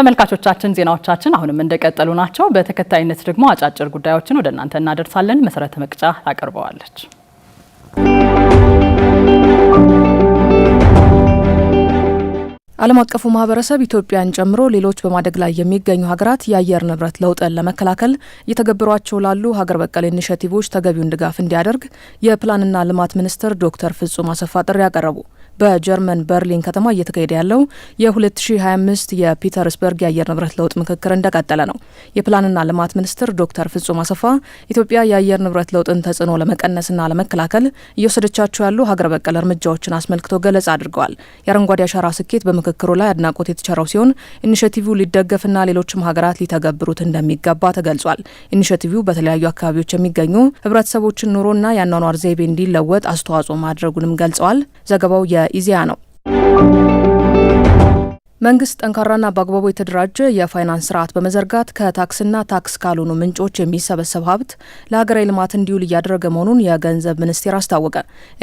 ተመልካቾቻችን ዜናዎቻችን አሁንም እንደቀጠሉ ናቸው። በተከታይነት ደግሞ አጫጭር ጉዳዮችን ወደ እናንተ እናደርሳለን። መሰረተ መቅጫ ታቀርበዋለች። ዓለም አቀፉ ማህበረሰብ ኢትዮጵያን ጨምሮ ሌሎች በማደግ ላይ የሚገኙ ሀገራት የአየር ንብረት ለውጥን ለመከላከል እየተገበሯቸው ላሉ ሀገር በቀል ኢኒሽቲቮች ተገቢውን ድጋፍ እንዲያደርግ የፕላንና ልማት ሚኒስትር ዶክተር ፍጹም አሰፋ ጥሪ ያቀረቡ በጀርመን በርሊን ከተማ እየተካሄደ ያለው የ2025 የፒተርስበርግ የአየር ንብረት ለውጥ ምክክር እንደቀጠለ ነው። የፕላንና ልማት ሚኒስትር ዶክተር ፍጹም አሰፋ ኢትዮጵያ የአየር ንብረት ለውጥን ተጽዕኖ ለመቀነስና ለመከላከል እየወሰደቻቸው ያሉ ሀገር በቀል እርምጃዎችን አስመልክቶ ገለጻ አድርገዋል። የአረንጓዴ አሻራ ስኬት በምክክሩ ላይ አድናቆት የተቸረው ሲሆን ኢኒሽቲቭ ሊደገፍና ሌሎችም ሀገራት ሊተገብሩት እንደሚገባ ተገልጿል። ኢኒሽቲቭ በተለያዩ አካባቢዎች የሚገኙ ህብረተሰቦችን ኑሮና የአኗኗር ዘይቤ እንዲለወጥ አስተዋጽኦ ማድረጉንም ገልጸዋል። ዘገባው የ ኢዜአ ነው። መንግስት ጠንካራና በአግባቡ የተደራጀ የፋይናንስ ስርዓት በመዘርጋት ከታክስና ታክስ ካልሆኑ ምንጮች የሚሰበሰብ ሀብት ለሀገራዊ ልማት እንዲውል እያደረገ መሆኑን የገንዘብ ሚኒስቴር አስታወቀ።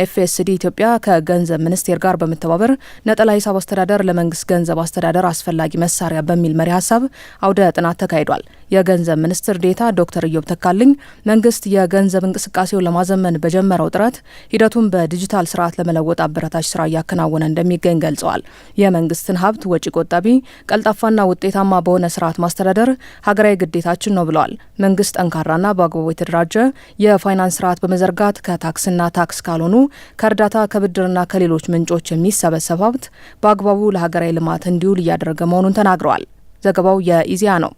ኤፍኤስዲ ኢትዮጵያ ከገንዘብ ሚኒስቴር ጋር በመተባበር ነጠላ ሂሳብ አስተዳደር ለመንግስት ገንዘብ አስተዳደር አስፈላጊ መሳሪያ በሚል መሪ ሀሳብ አውደ ጥናት ተካሂዷል። የገንዘብ ሚኒስትር ዴታ ዶክተር ኢዮብ ተካልኝ መንግስት የገንዘብ እንቅስቃሴውን ለማዘመን በጀመረው ጥረት ሂደቱን በዲጂታል ስርዓት ለመለወጥ አበረታች ስራ እያከናወነ እንደሚገኝ ገልጸዋል። የመንግስትን ሀብት ወጪ ቆጣቢ፣ ቀልጣፋና ውጤታማ በሆነ ስርዓት ማስተዳደር ሀገራዊ ግዴታችን ነው ብለዋል። መንግስት ጠንካራና በአግባቡ የተደራጀ የፋይናንስ ስርዓት በመዘርጋት ከታክስና ታክስ ካልሆኑ ከእርዳታ ከብድርና ከሌሎች ምንጮች የሚሰበሰብ ሀብት በአግባቡ ለሀገራዊ ልማት እንዲውል እያደረገ መሆኑን ተናግረዋል። ዘገባው የኢዜአ ነው።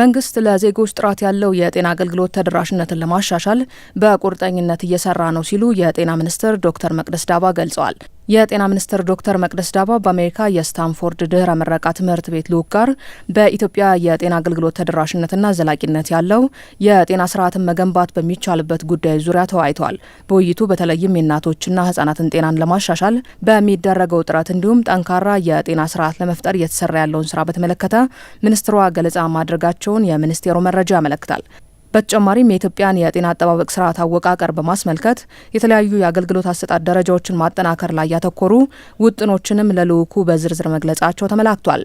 መንግስት ለዜጎች ጥራት ያለው የጤና አገልግሎት ተደራሽነትን ለማሻሻል በቁርጠኝነት እየሰራ ነው ሲሉ የጤና ሚኒስትር ዶክተር መቅደስ ዳባ ገልጸዋል። የጤና ሚኒስትር ዶክተር መቅደስ ዳባ በአሜሪካ የስታንፎርድ ድህረ ምረቃ ትምህርት ቤት ልዑክ ጋር በኢትዮጵያ የጤና አገልግሎት ተደራሽነትና ዘላቂነት ያለው የጤና ስርዓትን መገንባት በሚቻልበት ጉዳይ ዙሪያ ተወያይተዋል። በውይይቱ በተለይም የእናቶችና ህጻናትን ጤናን ለማሻሻል በሚደረገው ጥረት እንዲሁም ጠንካራ የጤና ስርዓት ለመፍጠር እየተሰራ ያለውን ስራ በተመለከተ ሚኒስትሯ ገለጻ ማድረጋቸውን የሚኒስቴሩ መረጃ ያመለክታል። በተጨማሪም የኢትዮጵያን የጤና አጠባበቅ ስርዓት አወቃቀር በማስመልከት የተለያዩ የአገልግሎት አሰጣጥ ደረጃዎችን ማጠናከር ላይ ያተኮሩ ውጥኖችንም ለልዑኩ በዝርዝር መግለጻቸው ተመላክቷል።